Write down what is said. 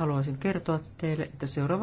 haluaisin kertoa teille, että seuraava